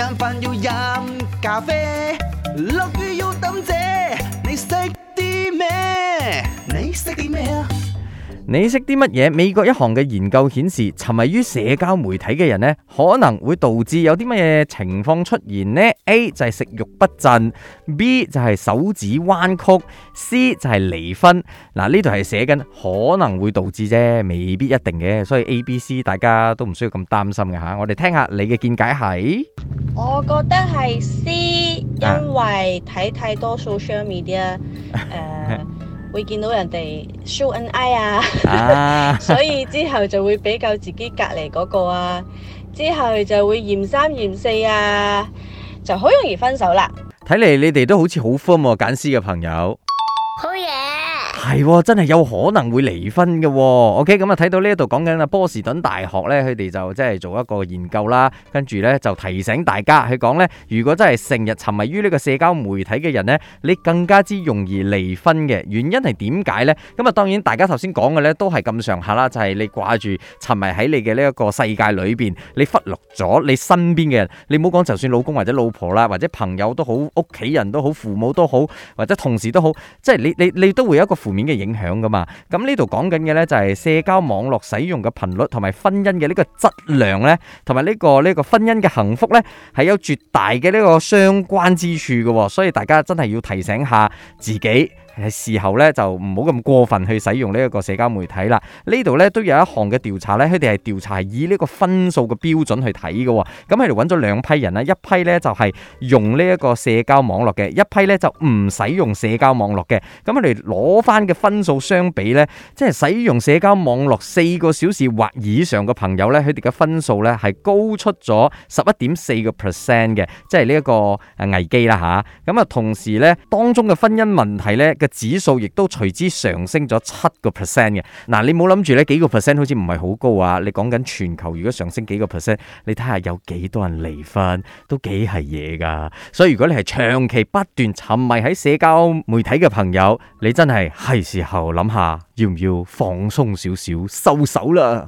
食晏要飲咖啡，落雨要等姐。你識啲咩？你識啲咩？你識啲乜嘢？美國一項嘅研究顯示，沉迷於社交媒體嘅人咧，可能會導致有啲乜嘢情況出現咧？A 就係食欲不振，B 就係手指彎曲，C 就係離婚嗱。呢度係寫緊可能會導致啫，未必一定嘅，所以 A、B、C 大家都唔需要咁擔心嘅吓。我哋聽下你嘅見解係。我覺得係 C，因為睇太多 social media 啲啦，誒，會見到人哋 show 恩愛啊，所以之後就會比較自己隔籬嗰個啊，之後就會嫌三嫌四啊，就好容易分手啦。睇嚟你哋都好似好 fun 啊，揀 C 嘅朋友。好嘢。係、喎，真係有可能會離婚嘅、喎。OK，咁啊睇到呢一度講緊啊波士頓大學呢，佢哋就即係做一個研究啦，跟住呢，就提醒大家去講呢：如果真係成日沉迷於呢個社交媒體嘅人呢，你更加之容易離婚嘅。原因係點解呢？咁、嗯、啊，當然大家頭先講嘅呢都係咁上下啦，就係、是、你掛住沉迷喺你嘅呢一個世界裏邊，你忽略咗你身邊嘅人，你唔好講就算老公或者老婆啦，或者朋友都好，屋企人都好，父母都好，或者同事都好，即係你你你都會有一個。負面嘅影響噶嘛？咁呢度講緊嘅呢，就係社交網絡使用嘅頻率同埋婚姻嘅呢個質量呢、這個，同埋呢個呢個婚姻嘅幸福呢，係有絕大嘅呢個相關之處嘅，所以大家真係要提醒下自己。係時候咧就唔好咁過分去使用呢一個社交媒體啦。呢度咧都有一項嘅調查咧，佢哋係調查以呢個分數嘅標準去睇嘅。咁佢哋揾咗兩批人啦，一批咧就係用呢一個社交網絡嘅，一批咧就唔使用社交網絡嘅。咁佢哋攞翻嘅分數相比咧，即係使用社交網絡四個小時或以上嘅朋友咧，佢哋嘅分數咧係高出咗十一點四個 percent 嘅，即係呢一個危機啦吓。咁啊，同時咧當中嘅婚姻問題咧指數亦都隨之上升咗七個 percent 嘅，嗱，你冇諗住呢幾個 percent 好似唔係好高啊，你講緊全球如果上升幾個 percent，你睇下有幾多人離婚都幾係嘢噶，所以如果你係長期不斷沉迷喺社交媒體嘅朋友，你真係係時候諗下要唔要放鬆少少收手啦。